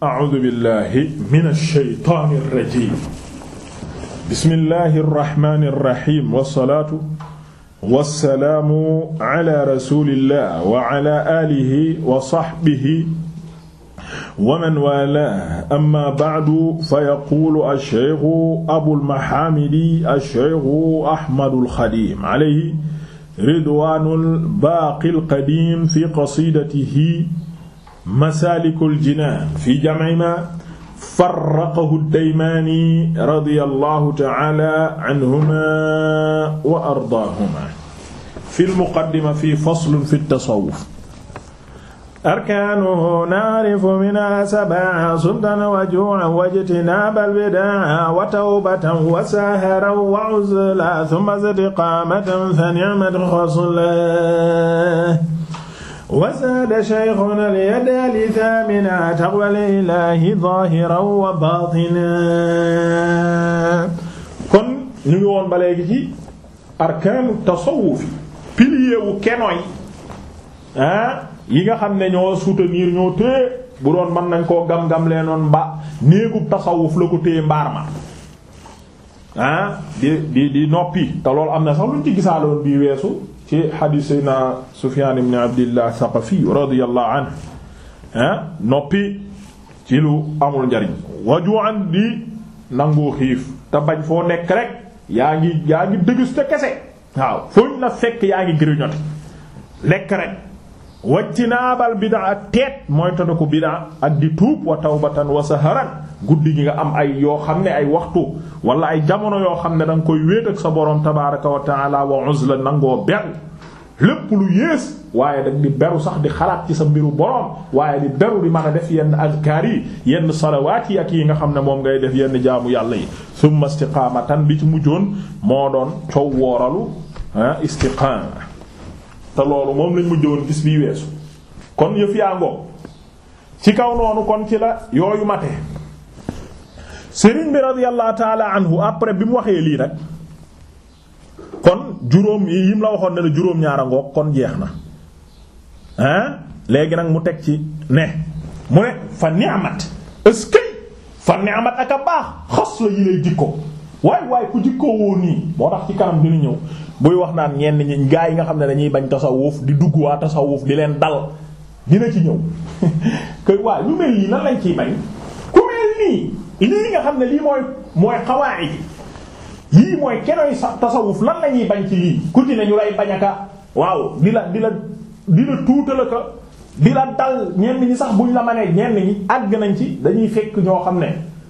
a'uuzu billaahi mina shaytaani rajiim bismillaahi rahmaani rahiim wassalaatu wassalaamu alaa rasuulillaah wa alaa aalihi wa sahbihi wa man waalaahu ammaa ba'du fayaquulu ash-shaykhu abul mahaamidi ash-shaykhu ahmadul xadiim alayhi ridwaanul baaqil qadiim fii qasiidatihi masaalikul jinaan fi jam'i ma farraqahu daymaani radiyallahu ta'ala anhuma wa ardaahuma fil muqaddima fi faslun fi tasawwuf arkaanuhu na'rifu minhaa sab'a sultan wa juu'an wa ijtinaabal bid'a wa tawbatan wa saharan wa 'uzlan thumma istiqaamatan fa ni'mat khaslan wasaada shaykhuna alyadaali thamina taqwalilaahi zahiran wa batina kon ñu ngi woon ba léegi ci arkaanu tasawufi pilier wu kenooy ah yi nga xam ne ñoo soutenir ñoo téye bu doon mën nañ koo gam-gam lee mba néegub tasawuf la ko téye mbaar ma ah di di di noppi te loolu am na sax luñ ci gisaaloon bii weesu ci xadiis Seydina Sufyaan ibn Abdillah Saqafi radiyallahu anhu ah, noppi ci lu amul njariñ wajuan di nangu xiif te bañ foo nekk rek yaa ngi yaa ngi déguster kese waaw fooñ la fekk yaa ngi grignoter lekk rek wajtinaabal bid'a ak teet mooy tanu ko bid'a ak di tuub wa tawbatan wa saharan guddi gi nga am ay yoo xam ne ay waxtu walla ay jamono yoo xam ne danga koy wéet ak sa borom tabaaraka wa taala wa uzla nangoo beru lépp lu yées waaye dag di beru sax di xalaat ci sa mbiru borom waaye di beru di mën a def yenn azkaar yi yenn salawaat yi ak yi nga xam ne moom ngay def yenn jaamu yàlla yi summa istiqaamatan bi ci mujjoon moo doon coow wooralu ah, istiqaama te loolu moom lañ mujjoon gis bii weesu kon yëf yaa ngoom ci kaw noonu kon ci la yooyu mate sëriñ bi radiyallahu taala anhu après bi mu waxee lii nag kon juróom yi mu la waxoon ne la juróom ñaara ngoog kon jeex na ah léegi nag mu teg ci ne mu ne fa ni'mat est-ce que fa ni'mat ak a baax xas la yi lay jikko waay waay ku jikkoo woon nii moo tax ci kanam dina ñëw buy wax naan ñenn ñi gaa yi nga xam ne dañuy bañ tasawuf di dugg waa tasawuf di leen dal dina ci ñëw kër waa ñu mel nii lan lañ ciy bañ ku mel nii lii nga xam ne lii mooy mooy xawaay yi yii mooy kenooy sax tasawuf lan la ñuy bañ ci lii ku ci ñu lay bañ aka waaw di la di la di tuutal ka di dal ñenn ñi sax buñ la mënee ñenn ñi àgg nañ ci dañuy fekk ñoo xam ne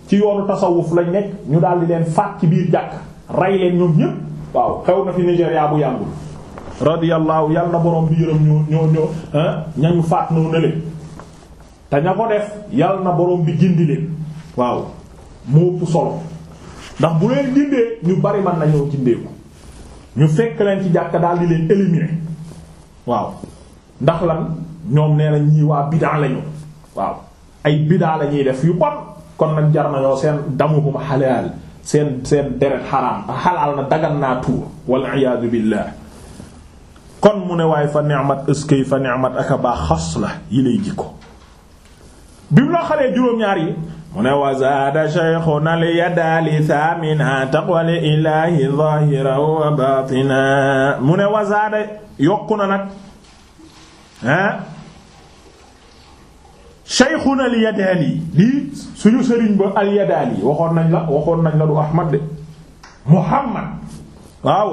ci yoonu tasawuf lañ nekk ñu daal di leen faat ci biir jàkk rey leen ñoom ñëpp. waaw xew na fi Nigéria bu yàggul radiyallahu yàlla na borom bi yërëm ñoo ñoo ñoo ñañu faat noo na leen te ña ko def yàlla na borom bi gindi leen waaw mu ëpp solo ndax bu leen gindee ñu bari mën nañoo gindeeku ñu fekk leen ci jàkk daal di leen éliminer waaw ndax lan ñoom nee na ñii waa biddaa lañu waaw ay biddaa la ñuy def yu bon kon nag jar nañoo seen damuhum halal seen seen deret xaraam xalaal na dagan naa tuur wal iyaadu billah kon mu ne waaye fa ni'mat ëskay fa ni'mat ak a baax xas la yi lay jikko bi mu la xalee juróom-ñaar yi mu ne wa zaada shaykhuna li yadaali thamina taqwa li ilaahi zahiran wa batina mu ne wa zaada yokku na nag ah shaykhuna al-Yadani di suñu sëriñ ba al-Yadani waxoon nañ la waxoon nañ la du Ahmad de Muhammad waaw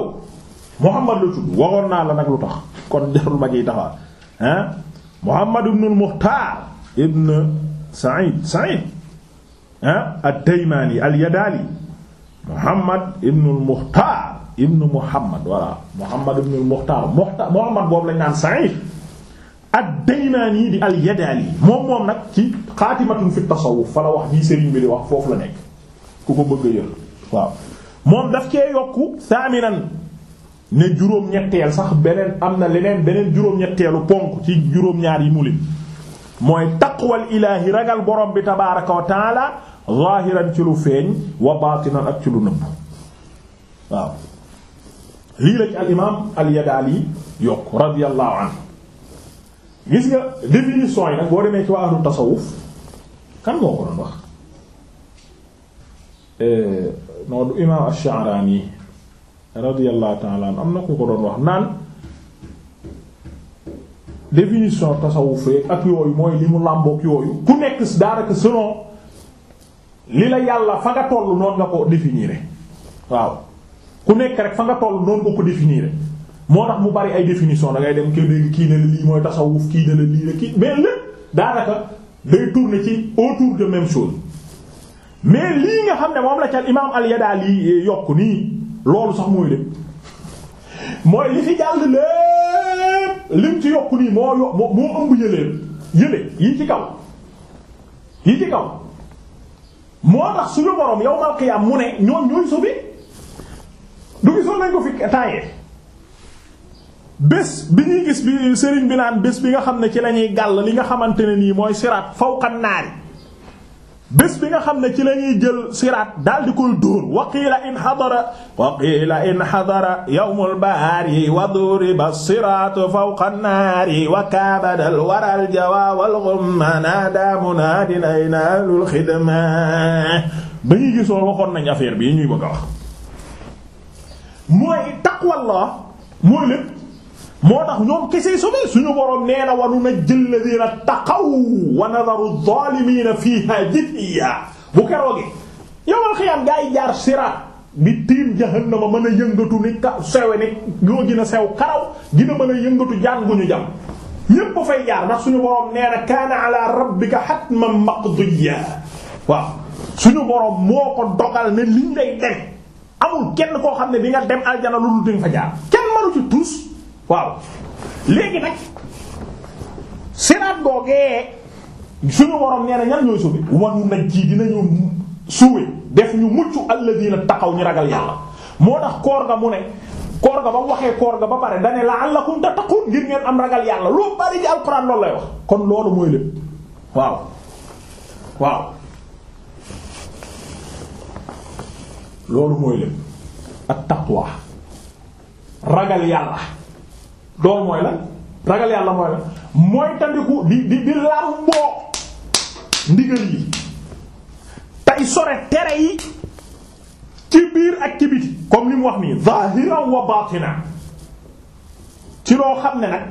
Muhammad la tudd waxoon naa la nag lu tax kon jarul ma yi taxawaat ah Muhammad ibn al-Mukhtar ibn Sa'id Sa'id ah ad-Daymani al-Yadali Muhammad ibn al-Mukhtar Muhammad voilà al-Mukhtar Mukhtar Muhammad boobu lañ naan Sa'id ad-Daymaani di al-Yadaali moom moom nag ci xaatimatun fi tasawuf fa la wax nii sëriñ bi di wax foofu la nekk ku ko bëgg a yër moom daf cee yokku ne juróom-ñetteel sax beneen am na leneen beneen juróom-ñetteelu ponk ci juróom-ñaar yi mulim mooy taqwal ilaahi ragal borom bi tabaaraka wa taala zaahiran ci lu feeñ wa baatinan ak ci lu nëbb waaw lii la ci al imaam al-Yadaali yokk radiyallahu anhu gis nga définition yi nag boo demee ci waa ahlu tasawuf kan moo ko doon wax euh, non imaam ash-Sha'rani radiyallahu ta'ala am na ku ko doon wax naan définition tasawuf ak yooyu mooy li mu làmbook yooyu ku nekk daanaka selon li la yàlla fa nga toll noonu nga ko définir waaw ku nekk rek fa nga toll noonu nga ko définir moo tax mu bari ay définition da ngay dem kii dégg kii ne la lii mooy tasawuf kii ne la lii la kii mais lépp daanaka day tourner ci autour de même chose mais lii nga xam ne moom la ca imaam al-Yadaali yokk nii loolu sax mooy lépp mooy li fi jàll lépp lim ci yokk nii moo yo moo ëmb yëlee yële yi ci kaw yi ci kaw moo tax suñu borom yow mal qiyaam mu ne ñoom ñooy sobi du gisoon nañ ko fi taaye bés bi ñuy gis bi sëriñ bi naan bés bi nga xam ne ci lañuy ñuy gàll li nga xamante ne nii mooy siraat fawqan naari bés bi nga xam ne ci lañuy jël siraat daal di koy dóor wa qiila in xadara wa qiila in xadara yawmul baari wa duriba siraatu fawqan naari wa kaabadal waral jawaawal ghumma naadaa munaadin ayna ahlul xidma ba ñuy gisoon waxoon nañ affaire bi ñuy bëgg a wax mooy taqwallah mooy lépp moo tax ñoom kese sauvé suñu borom nee na wanu na jël ladina taqaw wa nadaru zalimina fiha jithiya bu keroogee yowal xiyam gaa yi jaar siraat bi tiim jahannama mën a yëngatu ni ka sewe ni sew karaw gën mën a yëngatu jaan gu ñu jam ñépp ba fay jaar ndax suñu borom nee na kaana ala rabbika hatman maqdiya waaw suñu moo ko dogal ne liñ lay kenn koo xam ne di nga dem aljana lu lu di nga fa jaar kenn mënu ci tus waaw léegi nag siraat googee suñu borom nee na ñan ñooy subi wanu naj ji dinañu suwe def ñu mucc alladina taxaw ñu ragal yàlla moo tax koor ga mu ne koor ga ba waxee koor ga ba pare dane la'allakum tattaqun ngir ngeen am ragal yàlla lu bari ci alxuraan loolu lay wax kon loolu mooy lépp waaw waaw loolu mooy lépp at taqwa ragal yàlla loolu mooy la ragal yàlla mooy la mooy tandiku di di di lamboo ndigal yi tey sore tere yi ci biir ak ci biti comme li mu wax nii zahiran wa batina ci loo xam ne nag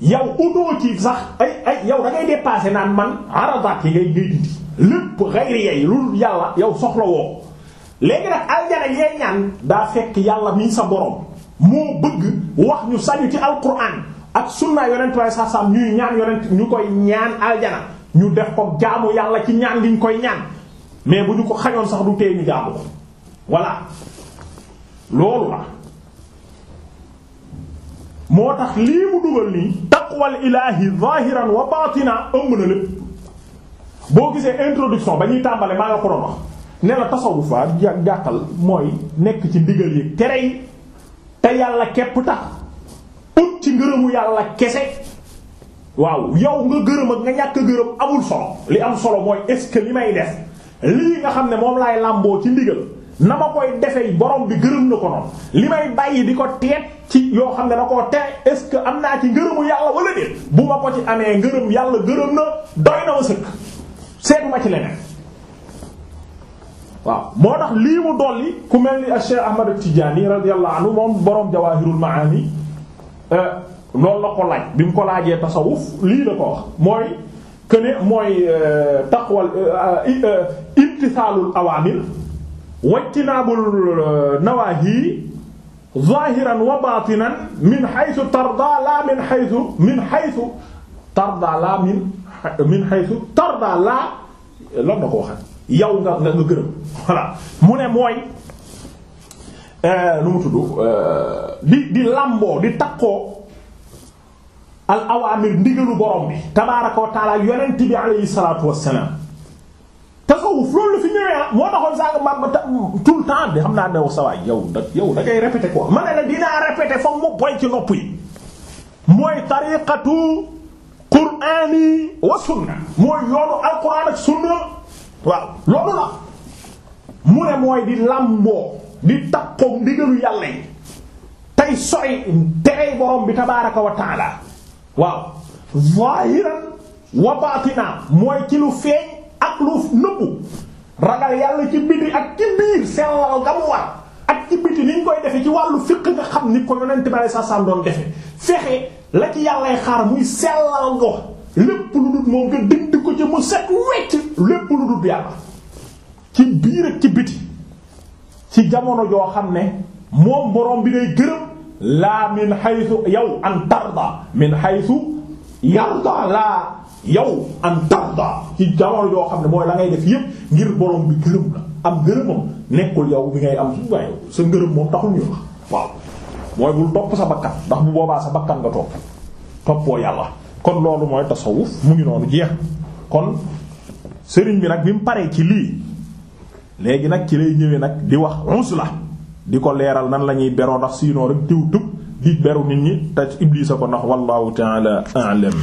yow udoo ci sax ay ay yow da ngay dépasser naan man aradat yi ngay ngay lépp xayri yey lu yàlla yow soxla woo léegi nag aljana yee ñaan daa fekk yàlla mii sa borom moo bëgg wax ñu sañu ci alquran ak sunna yonent waaye sax saam ñuy ñaan yonent ñu koy ñaan aljana ñu def ko jaamu yàlla ci ñaan liñ koy ñaan mais bu ñu ko xañoon sax du tee ñu jaamu ko loolu la moo tax lii mu dugal nii taqwal ilaahi zahiran wa batina ëmb na lépp boo gisee introduction ba ñuy tàmbale maa nga ko doon wax ne la tasawuf jàkkal mooy nekk ci ndigal yi tere yi te yàlla képp tax ut ci ngërëmu yàlla kese waaw yow nga gërëm ak nga ñàkk gërëm amul solo li am solo mooy est-ce que li may def lii nga xam ne moom laay làmboo ci ndigal na ma koy defee borom bi gërëm na ko noonu li may bàyyi di ko teet ci yoo xam ne da koo te est-ce que am naa ci ngërëmu yàlla wala déet bu ma ko ci amee ngërëm yàlla gërëm na doy na ma sëkk seetu ma ci leneen waaw moo tax lii mu dolli ku mel ni Cheikh Ahmad Tidiane radiyallahu anhu moom borom Jawahirul Maani euh, loolu la ko laaj bi mu ko laajee tasawuf lii la ko wax mooy que ne mooy euh, taqwal euh, imtisaalul awaamir wajtinaabul nawaahi zaahiran wa baatinan min haythu tardaa laa min haythu min haythu tardaa laa min min haythu tardaa laa lan la ko waxee. yow nga nga gërëm voilà mu ne mooy euh, nu mu tudd euh, di di làmboo di takkoo al awaamir ndigalu borom bi tabaaraka wa taala bi alayhi wassalaam tasawuf loolu fi ñëwee ah, moo taxoon saaga ma ma tout le bi xam naa ne sa waay yow da yow da ngay répété quoi ma ne la dinaa répété foog mu boy ci nopp yi mooy tariqatu qur'ani wa sunna mooy yoonu alquran ak sunna waaw loolu la mu ne mooy di làmboo di takkoog ndigalu yàlla yi tey sori terey borom bi tabaaraka wa taala waaw zahiran wa batina mooy ci lu feeñ ak lu nëbbu ragal yàlla ci biti ak ci biir sellal nga mu war ak ci biti ni ñu koy defe ci wàllu fiq nga xam ni ko yonent bi sallallahu alayhi wasallam doon defe fexe la ci yàllay xaar muy sellal ngo lépp lu dul moom nga dëgg mujj mu set wecc lépp lu dul yàlla ci biir ak ci biti ci jamono joo xam ne moom borom bi day gërëm laa min haythu yow an tarda min haythu yarda laa yow an tarda ci jamono joo xam ne mooy la ngay def yépp ngir borom bi gërëm la am gërëmam nekkul yow bi ngay am su waaye sa ngërëm moom taxul ñu wax waaw mooy bul topp sa bakkan ndax bu boobaa sa bakkan nga topp toppoo yàlla kon loolu mooy tasawuf mu ngi noonu jeex kon sëriñ bi nag bi mu paree ci lii léegi nag ci lay ñëwee nag di wax uns la di ko leeral nan la ñuy beroo ndax siinoo rek diw tub di beru nit ñi te iblisa ko ndax wallahu taala a'lam